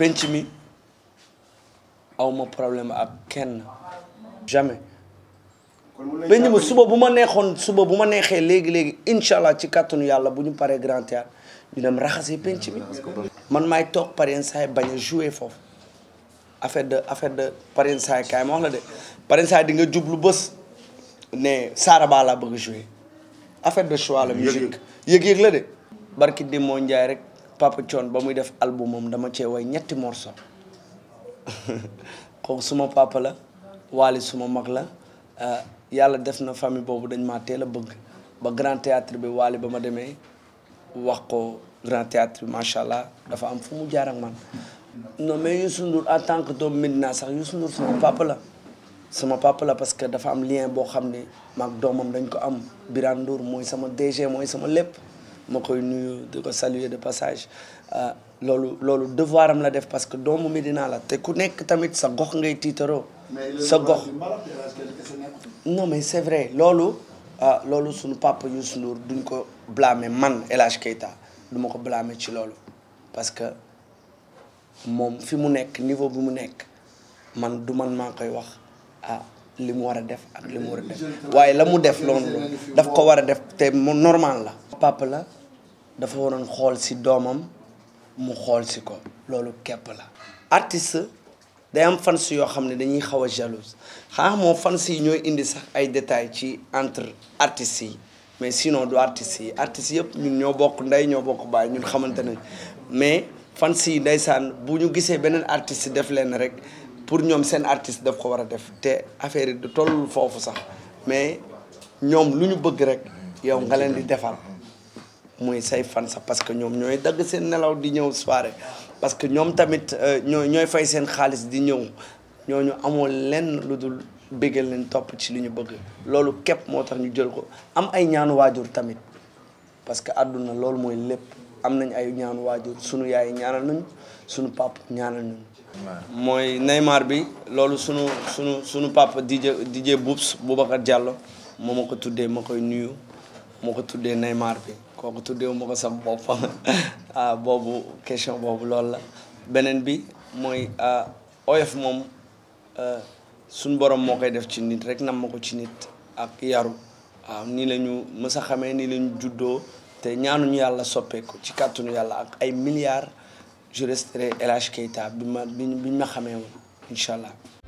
penc mi awma problème ak kenn jamais penc mi suba bu ma neexoon suba bu ma neexee léegi-léegi incha allah ci kàttanu yàlla bu ñu paree grand théâtre ñu dem raxasee penc mi man maay toog par yenn saa yi bañ de affaire de par yenn di nga jublu bés ne Saraba laa bëgg a jouer affaire la musique yëg-yëg la de barki Demba Ndiaye rek Papa Thione ba muy def albumam dama cee way ñetti morceau kooku suma papa la Waly suma mag la eh, yàlla def na famille boobu dañ maa teel a bëgg ba grand théâtre bi Waly ba ma demee wax ko grand théâtre bi macha allah dafa am fu mu jaar ak man non mais Youssou Ndour en tant que doomu Medina sax Youssou Ndour suma papa la sama papa la parce que dafa am lien boo xam ne maag doomam dañ ko am Birane Ndour mooy sama DG mooy sama lépp ma koy nuyu di ko saluer de passage euh, loolu loolu devoir am la def parce que doomu Medina la te ku nekk tamit sa gox ngay tiitaroo sa gox non mais c'est vrai loolu ah loolu suñu papa Youssou Ndour duñ ko blâmer man El Hadj Keita ma ko blâmer ci loolu parce que moom fi mu nekk niveau bi mu nekk man du man maa koy wax ah li mu war a def ak li mu waaye la mu def loolu daf ko war a def te mu normal la papa la dafa waroon xool si doomam mu xool si ko loolu kepp la artist day am fans yoo xam ne dañuy xaw a jalouse xanaa moom fans yi ñooy indi sax ay détails ci entre artistes yi mais sinon du artistes yi artistes yëpp ñun ñoo bokk ndey ñoo bokk baay ñun xamante nañ mais fans yi ndeysaan bu ñu gisee beneen artiste def leen rek pour ñoom seen artiste daf ko war a def te affaire du tollul foofu sax mais ñoom lu ñu bëgg rek yow nga leen di defal mooy say fan sax parce que ñoom ñooy dagg seen nelaw di ñëw soirée parce que ñoom tamit euh, ñooy ñooy fay seen xaalis di ñëw ñoo ñu amoon lenn lu dul béggal leen topp ci lu ñu bëgg loolu képp moo tax ñu jël ko am ay ñaanu waajur tamit parce que àdduna loolu mooy lépp am nañ ay ñaanu waajur sunu yaay ñaanal nañu sunu pap ñaanal nañu mooy Neymar bi loolu sunu sunu sunu papa DJ DJ Boubs Boubacar Diallo moo ma ko tuddee ma koy nuyu moo ko tuddee Neymar bi kooku tuddeewu ma ko sam bopp ah boobu question boobu loolu la beneen bi mooy ah oyof moom ah, suñ borom moo koy def ci nit rek nam ma ko ci nit ak yaru ah, nii la ñu mës xamee nii la juddoo te ñaanuñu yàlla soppeeku ci kàttanu yàlla ak ay milliards je resterai El Hadj Keita bi ma bi ñu ma xamee woon incha